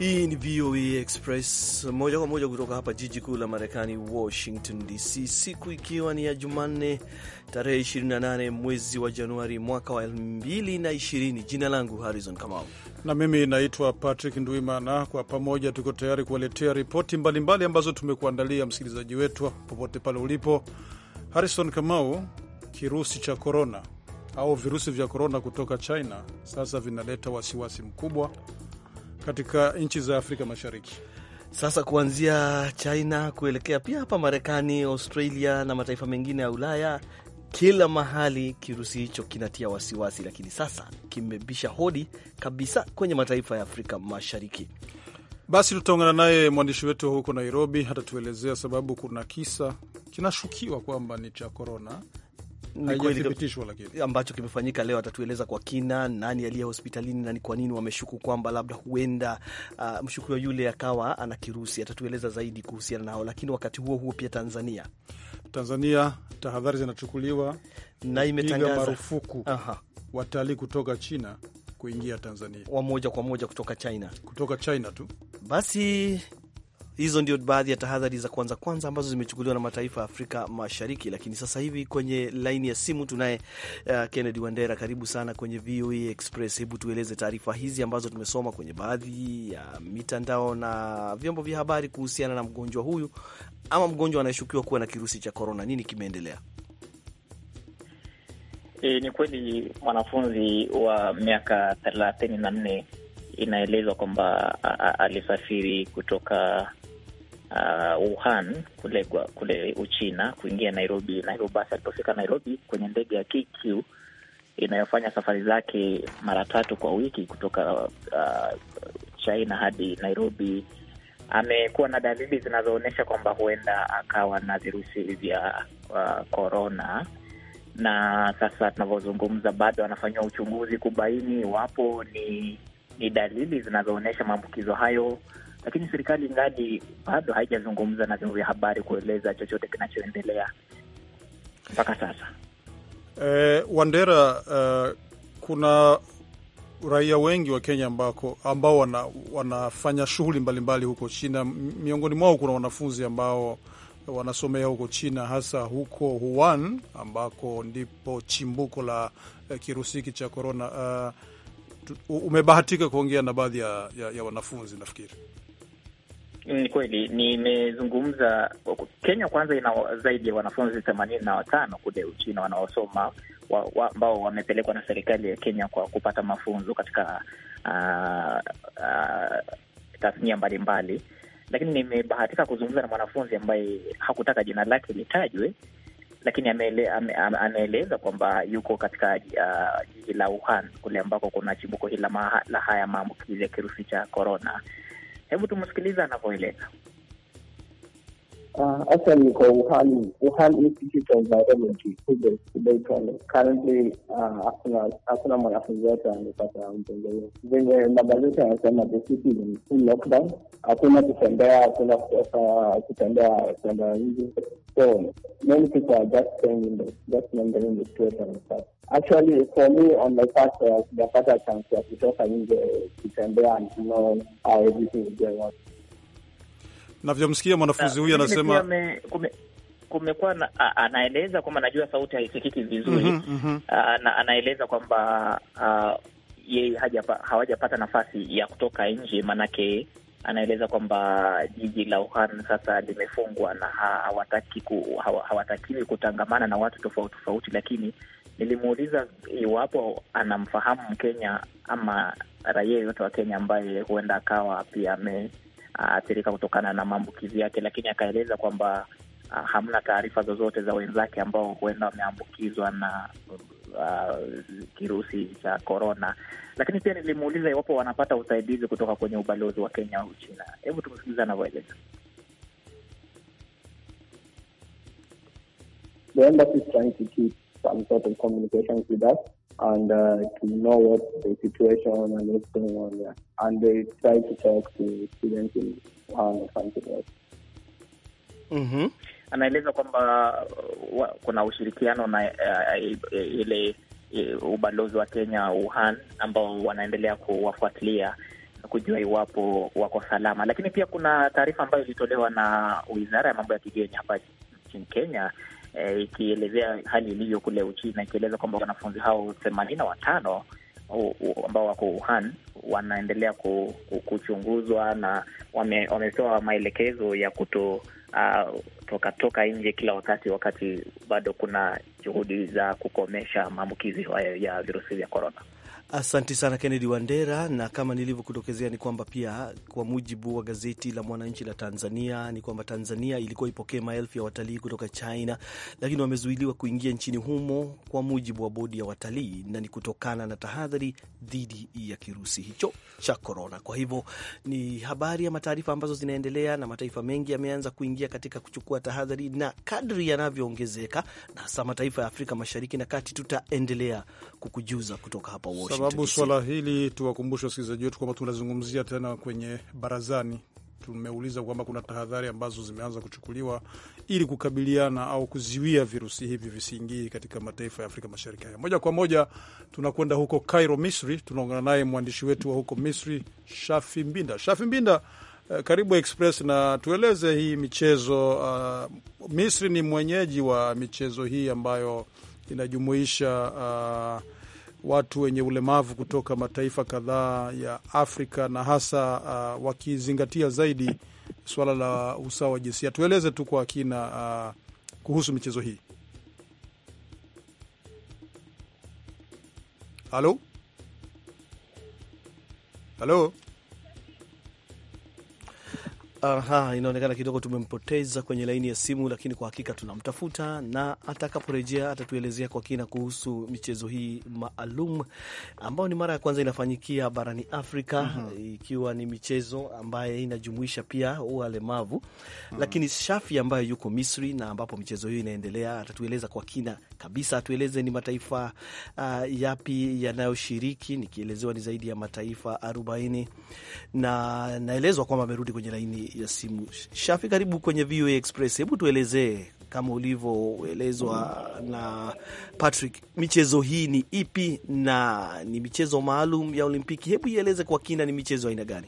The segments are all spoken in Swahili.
Hii ni VOA Express moja kwa moja kutoka hapa jiji kuu la Marekani, Washington DC, siku ikiwa ni ya Jumanne tarehe 28 mwezi wa Januari mwaka wa 2020. Jina langu Harrison Kamau na mimi naitwa Patrick nduimana Kwa pamoja tuko tayari kuwaletea ripoti mbalimbali ambazo tumekuandalia msikilizaji wetu popote pale ulipo. Harrison Kamau, kirusi cha korona au virusi vya korona kutoka China sasa vinaleta wasiwasi mkubwa katika nchi za Afrika Mashariki. Sasa kuanzia China kuelekea pia hapa Marekani, Australia na mataifa mengine ya Ulaya, kila mahali kirusi hicho kinatia wasiwasi, lakini sasa kimebisha hodi kabisa kwenye mataifa ya Afrika Mashariki. Basi tutaungana naye mwandishi wetu huko Nairobi, hatatuelezea sababu. Kuna kisa kinashukiwa kwamba ni cha korona ambacho kimefanyika leo, atatueleza kwa kina nani aliye hospitalini na ni kwa nini wameshuku kwamba labda huenda uh, mshukiwa yule akawa ana kirusi. Atatueleza zaidi kuhusiana nao, lakini wakati huo huo pia Tanzania Tanzania tahadhari zinachukuliwa na imetangaza marufuku watalii kutoka China kuingia Tanzania wa moja kwa moja kutoka China, kutoka China tu. Basi Hizo ndio baadhi ya tahadhari za kwanza kwanza ambazo zimechukuliwa na mataifa ya Afrika Mashariki. Lakini sasa hivi kwenye laini ya simu tunaye uh, Kennedy Wandera, karibu sana kwenye VOA e Express. Hebu tueleze taarifa hizi ambazo tumesoma kwenye baadhi ya uh, mitandao na vyombo vya habari kuhusiana na mgonjwa huyu ama mgonjwa anayeshukiwa kuwa na kirusi cha korona. Nini kimeendelea? E, ni kweli mwanafunzi wa miaka thelathini na nne inaelezwa kwamba alisafiri kutoka uh, Wuhan kule kwa, kule Uchina kuingia Nairobi. Na hivyo basi alipofika Nairobi kwenye ndege ya KQ inayofanya safari zake mara tatu kwa wiki kutoka uh, China hadi Nairobi, amekuwa na dalili zinazoonyesha kwamba huenda akawa na virusi vya korona uh, na sasa tunavyozungumza bado anafanyiwa uchunguzi kubaini iwapo ni, ni dalili zinazoonyesha maambukizo hayo lakini serikali ngadi bado haijazungumza na vyombo vya habari kueleza chochote kinachoendelea mpaka sasa. Eh, Wandera, uh, kuna raia wengi wa Kenya ambako, ambao wana, wanafanya shughuli mbalimbali huko China. Miongoni mwao kuna wanafunzi ambao wanasomea huko China, hasa huko Wuhan ambako ndipo chimbuko la eh, kirusi hiki cha korona. Uh, eh, umebahatika kuongea na baadhi ya, ya, ya wanafunzi nafikiri. Ni kweli nimezungumza. Kenya kwanza ina zaidi ya wanafunzi themanini na watano kule Uchina wanaosoma ambao wa, wamepelekwa na serikali ya Kenya kwa kupata mafunzo katika uh, uh, tasnia mbalimbali, lakini nimebahatika kuzungumza na mwanafunzi ambaye hakutaka jina lake litajwe, lakini ameeleza ame, ame, kwamba yuko katika uh, jiji la Wuhan kule ambako kuna chimbuko hili la haya maambukizi ya kirusi cha korona Hebu tumsikilize anavyoeleza. Uh, actually, Wuhan, Wuhan Institute of Virology, they call it. Currently, hakuna uh, mwanafunzi wote amepata mpendeleo. we are in the city is full lockdown, hakuna kutembea, hakuna kutoka kutembea kwenda nje. So many people are just staying in the, just remembering the situation. Actually, for me on my part, uh, sijapata uh, i ya kutoka nje kutembea and you know how everything is going on. navyomsikia mwanafunzi huyu anasema kumekuwa na, anaeleza kwamba najua sauti haisikiki vizuri mm -hmm, mm -hmm. Na, anaeleza kwamba uh, yeye hawajapata nafasi ya kutoka nje, maanake anaeleza kwamba jiji la Wuhan sasa limefungwa na hawataki ku, hawatakiwi kutangamana na watu tofauti tofauti, lakini nilimuuliza iwapo anamfahamu Mkenya ama raia yoyote wa Kenya ambaye huenda akawa pia ame aathirika kutokana na maambukizi yake, lakini akaeleza kwamba ah, hamna taarifa zozote za wenzake ambao huenda wameambukizwa na uh, kirusi cha korona. Lakini pia nilimuuliza iwapo wanapata usaidizi kutoka kwenye ubalozi wa Kenya au China. Hebu tumsikiliza anavyoeleza. The embassy is trying to keep some sort of with us and uh, to know what the situation and what's going on there. And they try to talk to students in Japan or something else. Mm-hmm. Anaeleza kwamba uh, kuna ushirikiano na uh, uh ile uh, ubalozi wa Kenya Wuhan ambao wanaendelea kuwafuatilia na kujua iwapo wako salama, lakini pia kuna taarifa ambayo ilitolewa na wizara ya mambo ya kigeni hapa nchini Kenya Eh, ikielezea hali ilivyo kule Uchina, ikieleza kwamba wanafunzi hao themanini na watano ambao wako Wuhan wanaendelea kuchunguzwa na wame, wamepewa maelekezo ya kuto Uh, toka toka nje kila wakati wakati bado kuna juhudi za kukomesha maambukizi hayo ya virusi vya korona asanti sana Kennedy Wandera, na kama nilivyokutokezea ni kwamba pia kwa mujibu wa gazeti la Mwananchi la Tanzania ni kwamba Tanzania ilikuwa ipokee maelfu ya watalii kutoka China, lakini wamezuiliwa kuingia nchini humo kwa mujibu wa bodi ya watalii, na ni kutokana na tahadhari dhidi ya kirusi hicho cha korona. Kwa hivyo ni habari ama taarifa ambazo zinaendelea, na mataifa mengi yameanza kuingia katika kuchukua tahadhari, na kadri yanavyoongezeka, na hasa mataifa ya Afrika Mashariki na Kati, tutaendelea kukujuza kutoka hapa Washington sababu swala hili, tuwakumbushe wasikilizaji wetu kwamba tunazungumzia tena kwenye barazani tumeuliza kwamba kuna tahadhari ambazo zimeanza kuchukuliwa ili kukabiliana au kuziwia virusi hivi visiingii katika mataifa ya Afrika Mashariki. Haya, moja kwa moja tunakwenda huko Cairo, Misri. Tunaongana naye mwandishi wetu wa huko Misri, Shafi Mbinda. Shafi Mbinda, eh, karibu Express na tueleze hii michezo. Uh, Misri ni mwenyeji wa michezo hii ambayo inajumuisha uh, watu wenye ulemavu kutoka mataifa kadhaa ya Afrika na hasa uh, wakizingatia zaidi suala la usawa wa jinsia. Tueleze tu kwa kina uh, kuhusu michezo hii. Halo, halo. Aha, inaonekana kidogo tumempoteza kwenye laini ya simu, lakini kwa hakika tunamtafuta na atakaporejea atatuelezea kwa kina kuhusu michezo hii maalum ambayo ni mara ya kwanza inafanyikia barani Afrika mm -hmm. ikiwa ni michezo ambayo inajumuisha pia walemavu mm -hmm. lakini Shafi ambayo yuko Misri na ambapo michezo hiyo inaendelea atatueleza kwa kina kabisa tueleze ni mataifa uh, yapi yanayoshiriki. Nikielezewa ni zaidi ya mataifa arobaini na naelezwa kwamba amerudi kwenye laini ya simu. Shafi, karibu kwenye VOA Express. Hebu tuelezee kama ulivyoelezwa na Patrick, michezo hii ni ipi na ni michezo maalum ya Olimpiki? Hebu ieleze kwa kina, ni michezo aina gani?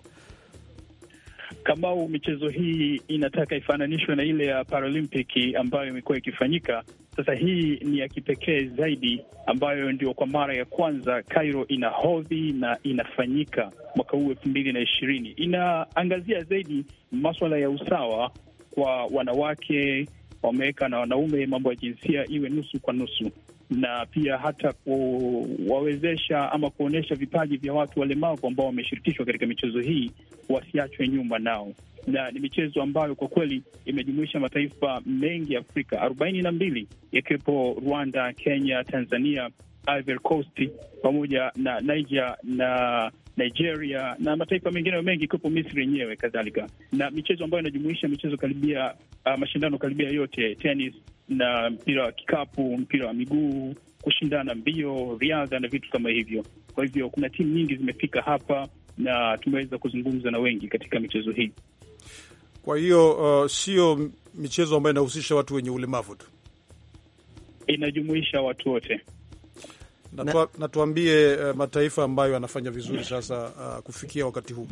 Kamau, michezo hii inataka ifananishwe na ile ya Paralympic ambayo imekuwa ikifanyika sasa hii ni ya kipekee zaidi ambayo ndio kwa mara ya kwanza Cairo inahodhi na inafanyika mwaka huu elfu mbili na ishirini. Inaangazia zaidi maswala ya usawa kwa wanawake wameweka na wanaume, mambo ya jinsia iwe nusu kwa nusu na pia hata kuwawezesha ama kuonyesha vipaji vya watu walemavu ambao wameshirikishwa katika michezo hii wasiachwe nyuma nao, na ni michezo ambayo kwa kweli imejumuisha mataifa mengi ya Afrika arobaini na mbili yakiwepo Rwanda, Kenya, Tanzania, Ivory Coast pamoja na Niger na Nigeria na mataifa mengine mengi ikiwepo Misri yenyewe kadhalika, na michezo ambayo inajumuisha michezo karibia uh, mashindano karibia yote tennis, na mpira wa kikapu, mpira wa miguu, kushindana mbio, riadha na vitu kama hivyo. Kwa hivyo kuna timu nyingi zimefika hapa na tumeweza kuzungumza na wengi katika michezo hii. Kwa hiyo uh, sio michezo ambayo inahusisha watu wenye ulemavu tu, inajumuisha watu wote. Na tuambie uh, mataifa ambayo yanafanya vizuri sasa uh, kufikia wakati huu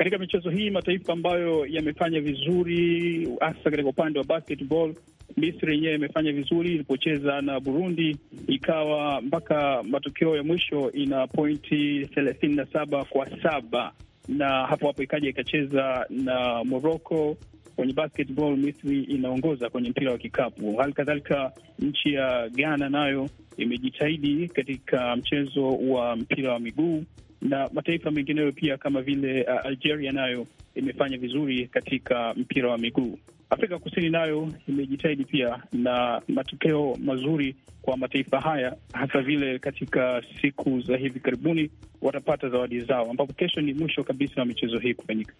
katika michezo hii mataifa ambayo yamefanya vizuri hasa katika upande wa basketball, Misri yenyewe imefanya vizuri ilipocheza na Burundi, ikawa mpaka matokeo ya mwisho ina pointi thelathini na saba kwa saba na hapo hapo ikaja ikacheza na Morocco. Kwenye basketball Misri inaongoza kwenye mpira wa kikapu. Hali kadhalika nchi ya Ghana nayo imejitahidi katika mchezo wa mpira wa miguu na mataifa mengineyo pia kama vile uh, Algeria nayo imefanya vizuri katika mpira wa miguu. Afrika Kusini nayo imejitahidi pia, na matokeo mazuri kwa mataifa haya, hasa vile katika siku za hivi karibuni watapata zawadi zao, ambapo kesho ni mwisho kabisa wa michezo hii kufanyika.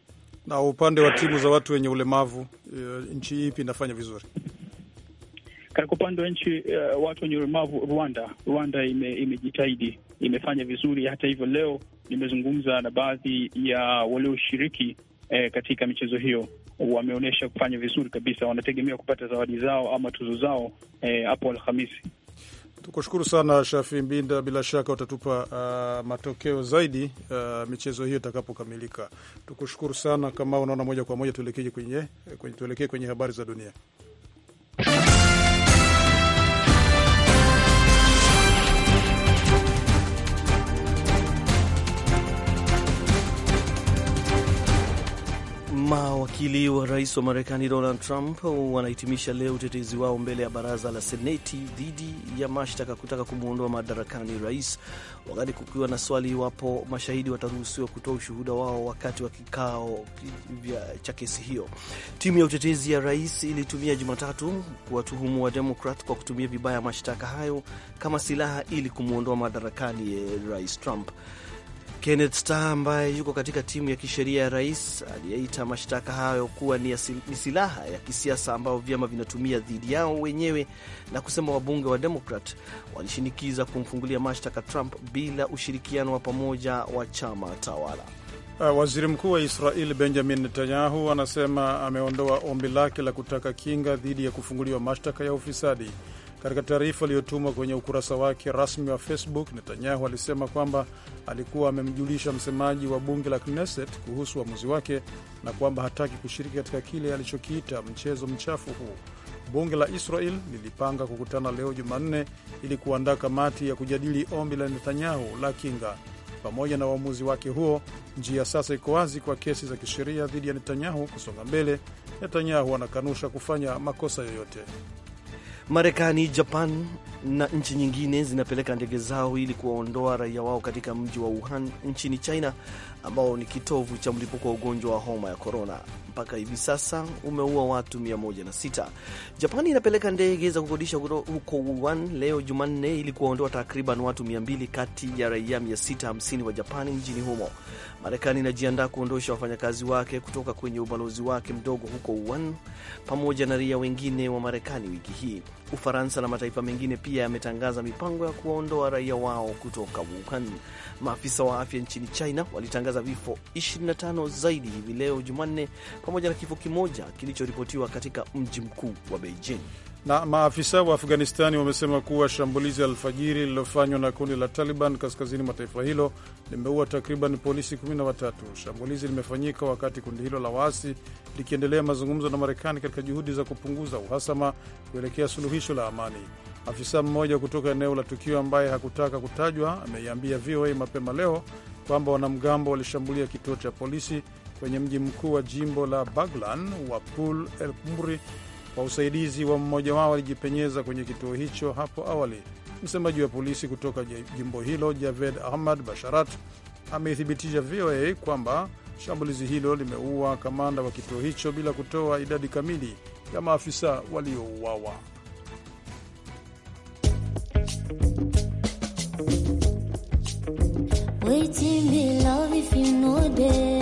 Na upande wa timu za watu wenye ulemavu, uh, nchi ipi inafanya vizuri? Katika upande wa nchi uh, watu wenye ulemavu, Rwanda Rwanda ime, imefanya vizuri. Hata hivyo, leo nimezungumza na baadhi ya walioshiriki e, katika michezo hiyo wameonyesha kufanya vizuri kabisa, wanategemea kupata zawadi zao ama tuzo zao eh, hapo e, Alhamisi. Tukushukuru sana Shafi Mbinda, bila shaka utatupa uh, matokeo zaidi uh, michezo hiyo itakapokamilika. Tukushukuru sana kama unaona, moja kwa moja tuelekee kwenye, kwenye, tuelekee kwenye habari za dunia. Mawakili wa rais wa Marekani Donald Trump wanahitimisha leo utetezi wao mbele ya baraza la Seneti dhidi ya mashtaka kutaka kumwondoa madarakani rais, wakati kukiwa na swali iwapo mashahidi wataruhusiwa kutoa ushuhuda wao wakati wa kikao cha kesi hiyo. Timu ya utetezi ya rais ilitumia Jumatatu kuwatuhumu wa Demokrat kwa kutumia vibaya mashtaka hayo kama silaha ili kumwondoa madarakani eh, rais Trump. Kenneth Starr ambaye yuko katika timu ya kisheria ya rais aliyeita mashtaka hayo kuwa ni silaha ya kisiasa ambayo vyama vinatumia dhidi yao wenyewe, na kusema wabunge wa Demokrat walishinikiza kumfungulia mashtaka Trump bila ushirikiano wa pamoja wa chama tawala. Uh, waziri Mkuu wa Israeli Benjamin Netanyahu anasema ameondoa ombi lake la kutaka kinga dhidi ya kufunguliwa mashtaka ya ufisadi. Katika taarifa iliyotumwa kwenye ukurasa wake rasmi wa Facebook, Netanyahu alisema kwamba alikuwa amemjulisha msemaji wa bunge la Knesset kuhusu uamuzi wa wake na kwamba hataki kushiriki katika kile alichokiita mchezo mchafu huu. Bunge la Israel lilipanga kukutana leo Jumanne ili kuandaa kamati ya kujadili ombi la Netanyahu la kinga. Pamoja na uamuzi wake huo, njia sasa iko wazi kwa kesi za kisheria dhidi ya Netanyahu kusonga mbele. Netanyahu anakanusha kufanya makosa yoyote. Marekani, Japan na nchi nyingine zinapeleka ndege zao ili kuwaondoa raia wao katika mji wa Wuhan nchini China ambao ni kitovu cha mlipuko wa ugonjwa wa homa ya korona. Mpaka hivi sasa umeua watu 106. Japani inapeleka ndege za kukodisha huko Wuhan leo Jumanne ili kuwaondoa takriban watu 200 kati ya raia 650 wa Japani mjini humo. Marekani inajiandaa kuondosha wafanyakazi wake kutoka kwenye ubalozi wake mdogo huko Wuhan pamoja na raia wengine wa Marekani wiki hii. Ufaransa na mataifa mengine pia yametangaza mipango ya kuwaondoa raia wao kutoka Wuhan. Maafisa wa afya nchini China walitangaza za vifo 25 zaidi hivi leo Jumanne, pamoja na kifo kimoja kilichoripotiwa katika mji mkuu wa Beijing. Na maafisa wa Afghanistani wamesema kuwa shambulizi alfajiri lililofanywa na kundi la Taliban kaskazini mwa taifa hilo limeua takriban polisi 13. Shambulizi limefanyika wakati kundi hilo la waasi likiendelea mazungumzo na Marekani katika juhudi za kupunguza uhasama kuelekea suluhisho la amani. Afisa mmoja kutoka eneo la tukio ambaye hakutaka kutajwa ameiambia VOA mapema leo kwamba wanamgambo walishambulia kituo cha polisi kwenye mji mkuu wa jimbo la Baglan wa Pul El Kumri kwa usaidizi wa mmoja wao alijipenyeza kwenye kituo hicho hapo awali. Msemaji wa polisi kutoka jimbo hilo Javed Ahmad Basharat ameithibitisha VOA kwamba shambulizi hilo limeua kamanda wa kituo hicho bila kutoa idadi kamili ya maafisa waliouawa. Yeah.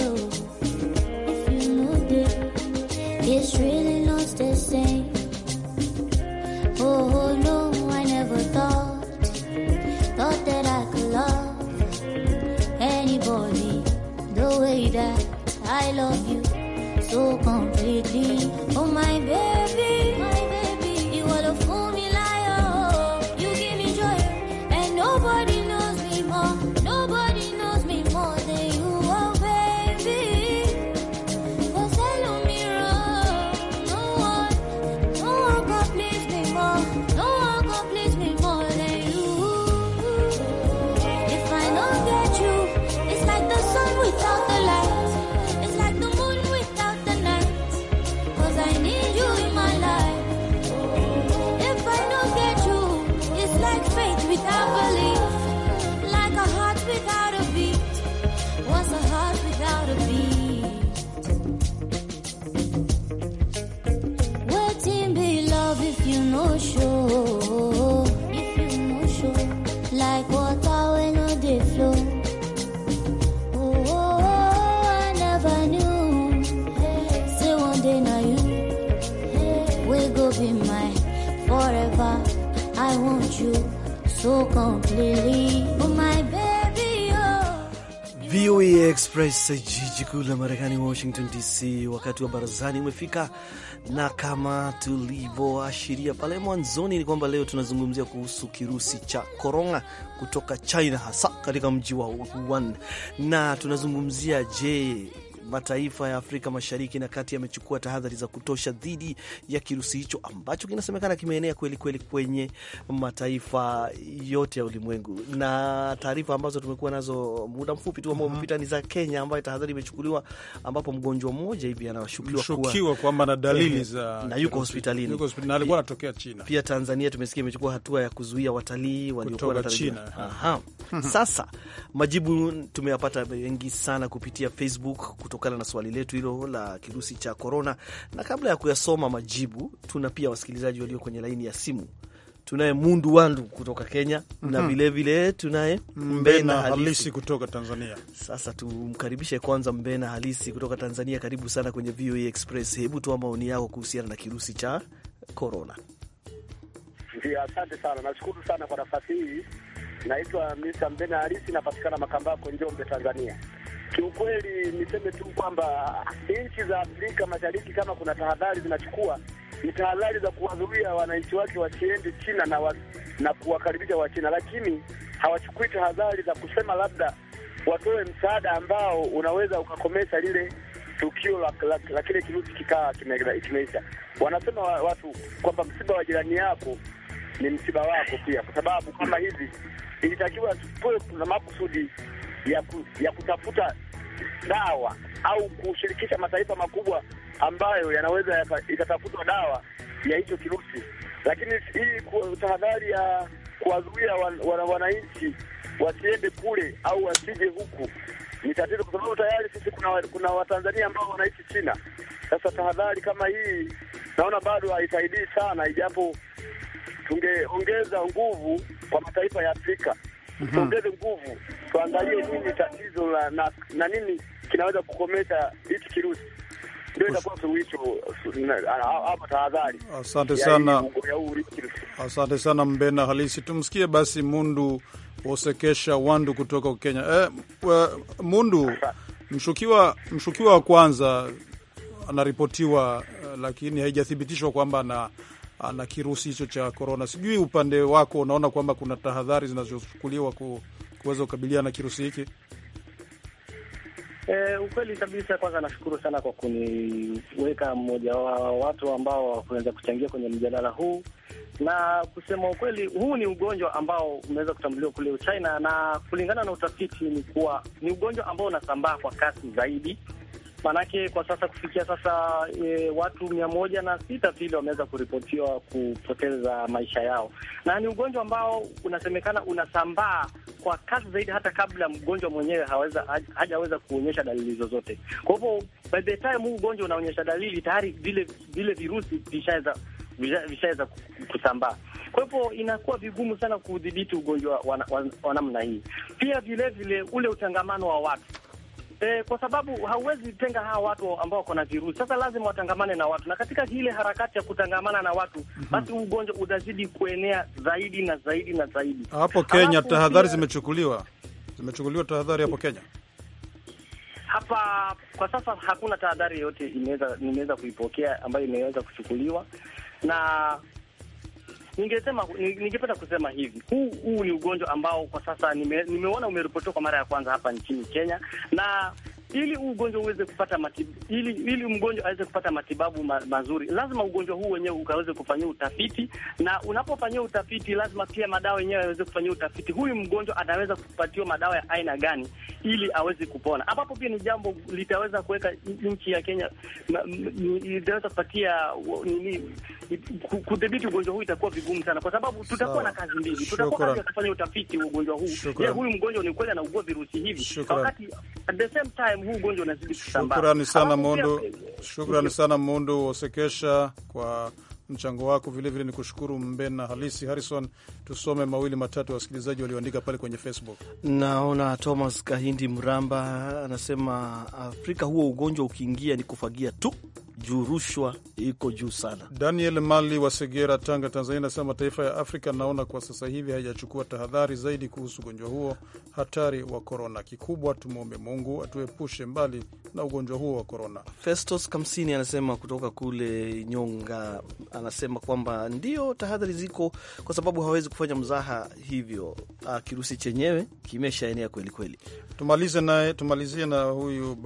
Express, jiji kuu la Marekani, Washington DC. Wakati wa barazani umefika, na kama tulivyoashiria pale mwanzoni, ni kwamba leo tunazungumzia kuhusu kirusi cha korona kutoka China, hasa katika mji wa Wuhan, na tunazungumzia je mataifa ya Afrika Mashariki na Kati yamechukua tahadhari za kutosha dhidi ya kirusi hicho ambacho kinasemekana kimeenea kweli kweli kwenye mataifa yote ya ulimwengu. Na taarifa ambazo tumekuwa nazo muda mfupi tu ambao mhm. umepita ni za Kenya, ambayo tahadhari imechukuliwa, ambapo mgonjwa mmoja hivi anashukiwa kwamba na dalili eh, za na yuko hospitalini, yuko hospitalini, alikuwa anatokea China. Pia Tanzania tumesikia imechukua hatua ya kuzuia watalii waliokuwa na China. Eh. Aha, sasa majibu tumeyapata mengi sana kupitia Facebook kutoka kutokana na swali letu hilo la kirusi cha korona. Na kabla ya kuyasoma majibu, tuna pia wasikilizaji walio kwenye laini ya simu. Tunaye Mundu Wandu kutoka Kenya mm -hmm. na vilevile mhm. tunaye Mbena Halisi. kutoka Tanzania. Sasa tumkaribishe kwanza Mbena Halisi kutoka Tanzania. Karibu sana kwenye VOA Express. Hebu toa maoni yako kuhusiana na kirusi cha korona. asante sana, nashukuru sana kwa nafasi hii. Naitwa Mr. Mbena Halisi, napatikana Makambako, Njombe, Tanzania. Kiukweli niseme tu kwamba nchi za Afrika Mashariki kama kuna tahadhari zinachukua ni tahadhari za kuwazuia wananchi wake wasiende China na, wa, na kuwakaribisha Wachina, lakini hawachukui tahadhari za kusema labda watoe msaada ambao unaweza ukakomesha lile tukio la, la, la kile kirusi kikaa kimeisha. Wanasema wa, watu kwamba msiba wa jirani yako ni msiba wako pia, kwa sababu kama hivi ilitakiwa tuwe na makusudi ya, ku, ya kutafuta dawa au kushirikisha mataifa makubwa ambayo yanaweza ikatafutwa dawa ya hicho kirusi, lakini hii tahadhari ya kuwazuia wan, wan, wananchi wasiende kule au wasije huku ni tatizo, kwa sababu tayari sisi kuna, kuna Watanzania ambao wanaishi China. Sasa tahadhari kama hii naona bado haisaidii sana, ijapo tungeongeza nguvu kwa mataifa ya Afrika, mhm. tuongeze nguvu tuangalie nini tatizo la na, na nini kinaweza kukomesha hiki kirusi. Asante sana, asante sana Mbena Halisi. Tumsikie basi Mundu wosekesha Wandu kutoka Kenya. Eh, Mundu, mshukiwa mshukiwa wa kwanza anaripotiwa, eh, lakini haijathibitishwa kwamba ana ana kirusi hicho cha korona. Sijui upande wako unaona kwamba kuna tahadhari zinazochukuliwa ku kuweza kukabiliana na kirusi hiki? E, ukweli kabisa. Kwanza nashukuru sana kwa kuniweka mmoja wa watu ambao wakuweza kuchangia kwenye mjadala huu, na kusema ukweli, huu ni ugonjwa ambao umeweza kutambuliwa kule Uchina, na kulingana na utafiti ni kuwa ni ugonjwa ambao unasambaa kwa kasi zaidi Manake kwa sasa kufikia sasa e, watu mia moja na sita vile wameweza kuripotiwa kupoteza maisha yao, na ni ugonjwa ambao unasemekana unasambaa kwa kasi zaidi hata kabla mgonjwa mwenyewe haweza hajaweza kuonyesha dalili zozote. Kwa hivyo by the time huu ugonjwa unaonyesha dalili tayari vile vile virusi vishaweza vishaweza kusambaa. Kwa hivyo inakuwa vigumu sana kudhibiti ugonjwa wa namna hii. Pia vilevile ule utangamano wa watu E, kwa sababu hauwezi tenga hawa watu ambao wako na virusi. Sasa lazima watangamane na watu, na katika ile harakati ya kutangamana na watu mm -hmm. basi ugonjwa utazidi kuenea zaidi na zaidi na zaidi. Hapo Kenya tahadhari zimechukuliwa, zimechukuliwa tahadhari hapo Kenya. Hapa kwa sasa hakuna tahadhari yoyote imeweza nimeweza kuipokea ambayo imeweza kuchukuliwa na Ningesema, ningependa kusema hivi, huu huu ni ugonjwa ambao kwa sasa nime, nimeona umeripotiwa kwa mara ya kwanza hapa nchini Kenya na ili ugonjwa uweze kupata ili ili mgonjwa aweze kupata matibabu ma, mazuri, lazima ugonjwa huu wenyewe ukaweze kufanyia utafiti, na unapofanyia utafiti, lazima pia madawa yenyewe yaweze kufanyia utafiti, huyu mgonjwa anaweza kupatiwa madawa ya aina gani ili aweze kupona, ambapo pia ni jambo litaweza kuweka nchi ya Kenya itaweza kupatia nini, kudhibiti ugonjwa huu itakuwa vigumu sana, kwa sababu tutakuwa na kazi mbili, tutakuwa kazi ya kufanya utafiti wa ugonjwa huu. Je, huyu mgonjwa ni kweli anaugua virusi hivi, wakati at the same time huu ugonjwa unazidi kusambaa. Shukrani sana Mundu, shukrani sana Mundu Wasekesha kwa mchango wako. Vilevile ni kushukuru Mbena Halisi Harrison. Tusome mawili matatu ya wasikilizaji walioandika pale kwenye Facebook. Naona Thomas Kahindi Mramba anasema Afrika huo ugonjwa ukiingia ni kufagia tu juu rushwa iko juu sana. Daniel Mali wa Segera, Tanga, Tanzania anasema mataifa ya Afrika naona kwa sasa hivi haijachukua tahadhari zaidi kuhusu ugonjwa huo hatari wa korona. Kikubwa tumwombe Mungu atuepushe mbali na ugonjwa huo wa korona. Festos Kamsini anasema kutoka kule Nyonga, anasema kwamba ndio tahadhari ziko kwa sababu hawezi kufanya mzaha, hivyo ah, kirusi chenyewe kimeshaenea kwelikweli. Tumalizie na huyu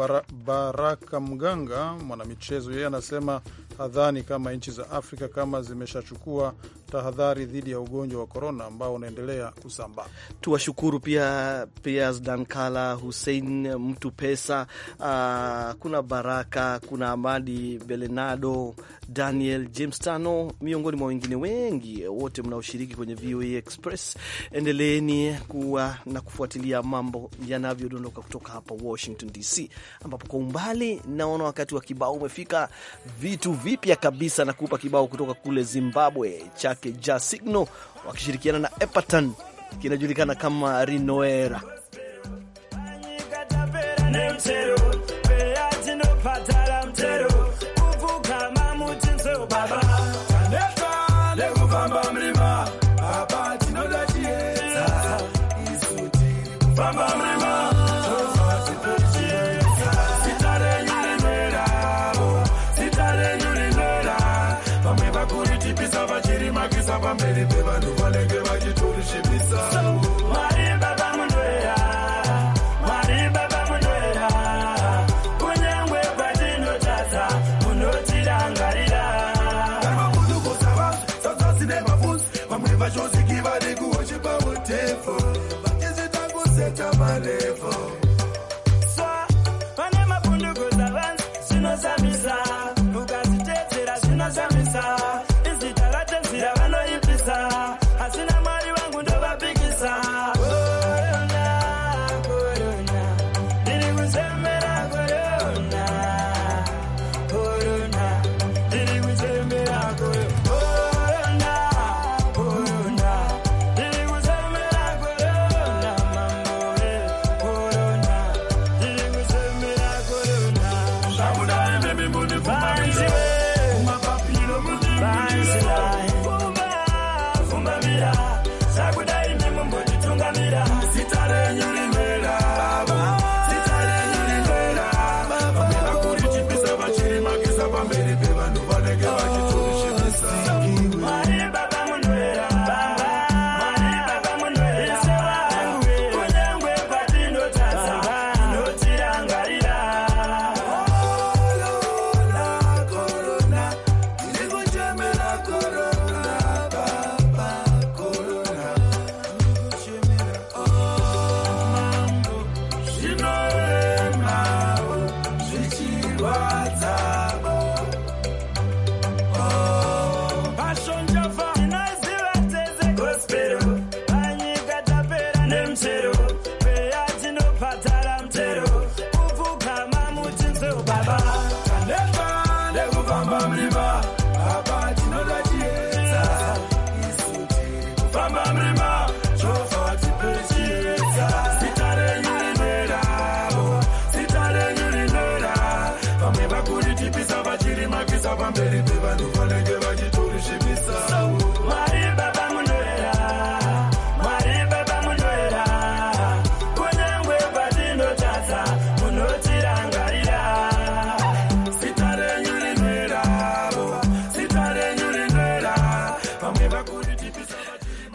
Baraka Mganga, mwanamichezo yeye anasema hadhani kama nchi za Afrika kama zimeshachukua tahadhari dhidi ya ugonjwa wa korona ambao unaendelea kusambaa. Tuwashukuru pia Piers Dankala, Hussein Mtu Pesa, uh, ah, kuna Baraka, kuna Amadi Belenado, Daniel James Tano, miongoni mwa wengine wengi wote mnaoshiriki kwenye VOA e Express. Endeleeni kuwa na kufuatilia mambo yanavyodondoka kutoka hapa Washington DC, ambapo kwa umbali naona wakati wa kibao umefika, vitu vipya kabisa na kupa kibao kutoka kule Zimbabwe cha chake Ja Signo wakishirikiana na Epatan kinajulikana kama Rinoera.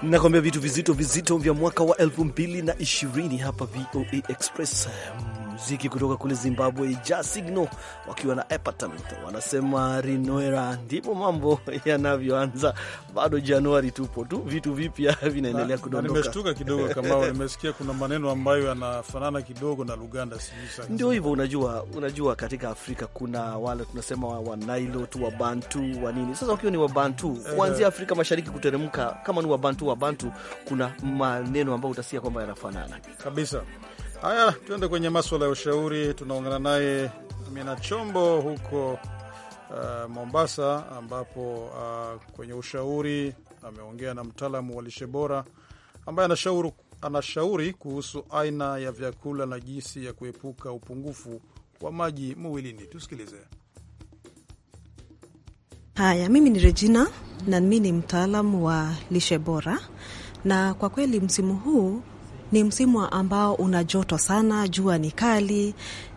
nakwambia vitu vizito vizito vya mwaka wa ishirini hapa VOA Express muziki kutoka kule Zimbabwe, Ja Signo wakiwa na Epatament wanasema Rinoera. ndipo mambo yanavyoanza, bado Januari tupo tu, vitu vipya vinaendelea kudondoka. Nimeshtuka kidogo kama nimesikia kuna maneno ambayo yanafanana kidogo na Luganda, sijui. Ndio hivyo, unajua, unajua katika Afrika kuna wale tunasema wanailot Nailot, wa Bantu, wa nini. Sasa wakiwa ni wabantu eh. kuanzia Afrika Mashariki kuteremka, kama ni wabantu wabantu, kuna maneno ambayo utasikia kwamba yanafanana kabisa. Haya, tuende kwenye maswala ya ushauri. Tunaungana naye Amina Chombo huko uh, Mombasa, ambapo uh, kwenye ushauri ameongea na mtaalamu wa lishe bora ambaye anashauri, anashauri kuhusu aina ya vyakula na jinsi ya kuepuka upungufu wa maji mwilini. Tusikilize. Haya, mimi ni Regina na mi ni mtaalamu wa lishe bora, na kwa kweli msimu huu ni msimu ambao una joto sana, jua ni kali,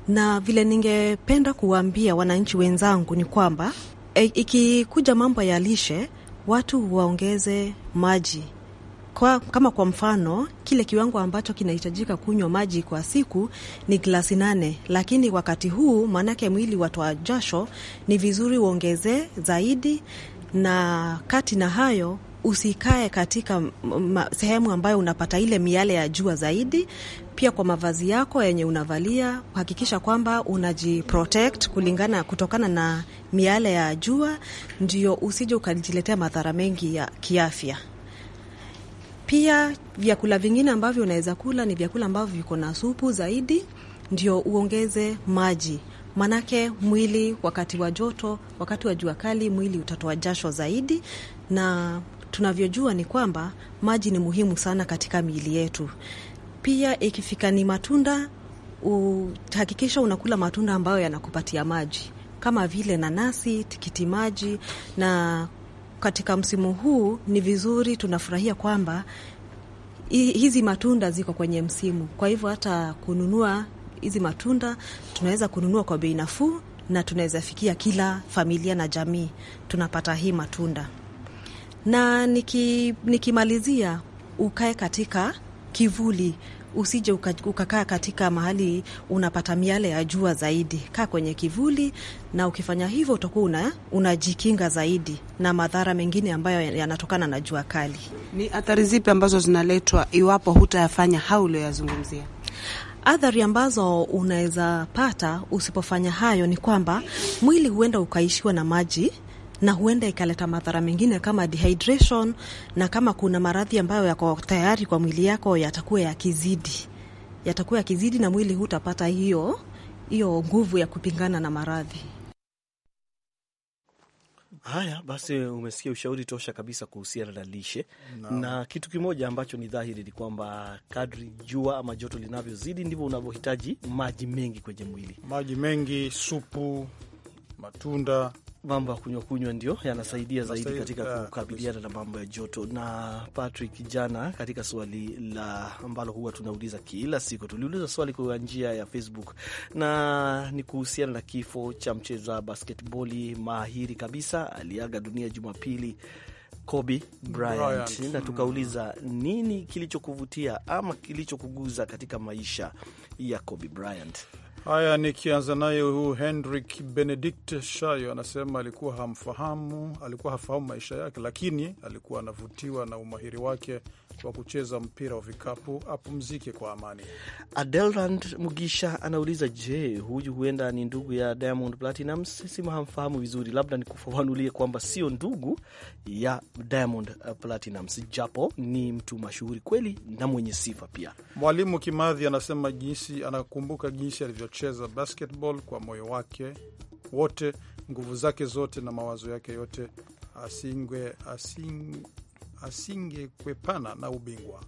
na vile ningependa kuwaambia wananchi wenzangu ni kwamba e, ikikuja mambo ya lishe, watu waongeze maji kwa, kama kwa mfano kile kiwango ambacho kinahitajika kunywa maji kwa siku ni glasi nane, lakini wakati huu maanake mwili watoa jasho, ni vizuri uongeze zaidi, na kati na hayo usikae katika sehemu ambayo unapata ile miale ya jua zaidi. Pia kwa mavazi yako yenye unavalia, hakikisha kwamba unajiprotect kulingana kutokana na miale ya jua, ndio usije ukajiletea madhara mengi ya kiafya. Pia vyakula vingine ambavyo unaweza kula ni vyakula ambavyo viko na supu zaidi, ndio uongeze maji manake mwili wakati wa joto, wakati wa jua kali, mwili utatoa jasho zaidi, na tunavyojua ni kwamba maji ni muhimu sana katika miili yetu. Pia ikifika ni matunda, uhakikisha unakula matunda ambayo yanakupatia maji kama vile nanasi, tikiti maji. Na katika msimu huu ni vizuri, tunafurahia kwamba hizi matunda ziko kwenye msimu, kwa hivyo hata kununua hizi matunda tunaweza kununua kwa bei nafuu na tunaweza fikia kila familia na jamii, tunapata hii matunda na nikimalizia, niki ukae katika kivuli usije ukakaa katika mahali unapata miale ya jua zaidi. Kaa kwenye kivuli, na ukifanya hivyo utakuwa una, unajikinga zaidi na madhara mengine ambayo yanatokana na jua kali. Ni athari zipi ambazo zinaletwa iwapo hutayafanya hau ulioyazungumzia? Athari ambazo unaweza pata usipofanya hayo ni kwamba mwili huenda ukaishiwa na maji na huenda ikaleta madhara mengine kama dehydration, na kama kuna maradhi ambayo yako tayari kwa mwili yako yatakuwa yakizidi, yatakuwa yakizidi na mwili hutapata hiyo hiyo nguvu ya kupingana na maradhi haya. Basi umesikia ushauri tosha kabisa kuhusiana na lishe no. Na kitu kimoja ambacho ni dhahiri ni kwamba kadri jua ama joto linavyozidi ndivyo unavyohitaji maji mengi kwenye mwili, maji mengi, supu, matunda mambo ya kunywa kunywa ndio yanasaidia zaidi katika ah, kukabiliana na mambo ya joto. Na Patrick, jana katika swali la ambalo huwa tunauliza kila siku, tuliuliza swali kwa njia ya Facebook na ni kuhusiana na kifo cha mcheza basketboli mahiri kabisa aliaga dunia Jumapili, Kobe Bryant, Bryant. Na tukauliza nini kilichokuvutia ama kilichokuguza katika maisha ya Kobe Bryant. Haya, nikianza naye huu Henrik Benedict Shayo anasema alikuwa hamfahamu, alikuwa hafahamu maisha yake, lakini alikuwa anavutiwa na umahiri wake wa kucheza mpira wa vikapu apumzike kwa amani. Adelrand Mugisha anauliza, je, huyu huenda ni ndugu ya Diamond Platinum? Sisi hamfahamu vizuri, labda nikufafanulie kwamba sio ndugu ya Diamond Platinum, japo ni mtu mashuhuri kweli na mwenye sifa pia. Mwalimu Kimadhi anasema jinsi anakumbuka jinsi alivyocheza basketball kwa moyo wake wote, nguvu zake zote na mawazo yake yote, asingwe asing asingekwepana na ubingwa.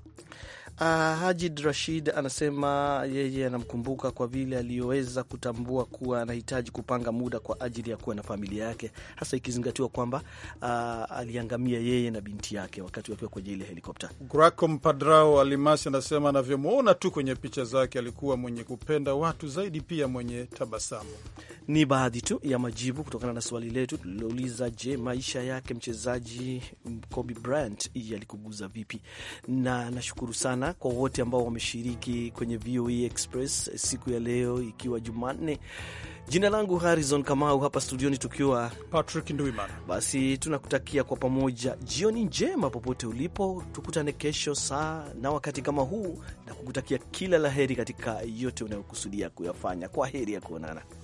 Uh, Hajid Rashid anasema yeye anamkumbuka kwa vile aliyoweza kutambua kuwa anahitaji kupanga muda kwa ajili ya kuwa na familia yake, hasa ikizingatiwa kwamba uh, aliangamia yeye na binti yake wakati wakiwa kwenye ile helikopta. Grakom Padrao Alimasi anasema anavyomwona tu kwenye picha zake alikuwa mwenye kupenda watu zaidi, pia mwenye tabasamu. Ni baadhi tu ya majibu kutokana na swali letu tulilouliza, je, maisha yake mchezaji Kobe Bryant yalikuguza vipi? Na nashukuru sana kwa wote ambao wameshiriki kwenye VOA e Express siku ya leo, ikiwa Jumanne. Jina langu Harrison Kamau, hapa studioni tukiwa Patrick Ndwimana. Basi tunakutakia kwa pamoja jioni njema popote ulipo, tukutane kesho saa na wakati kama huu, na kukutakia kila la heri katika yote unayokusudia kuyafanya. Kwa heri ya kuonana.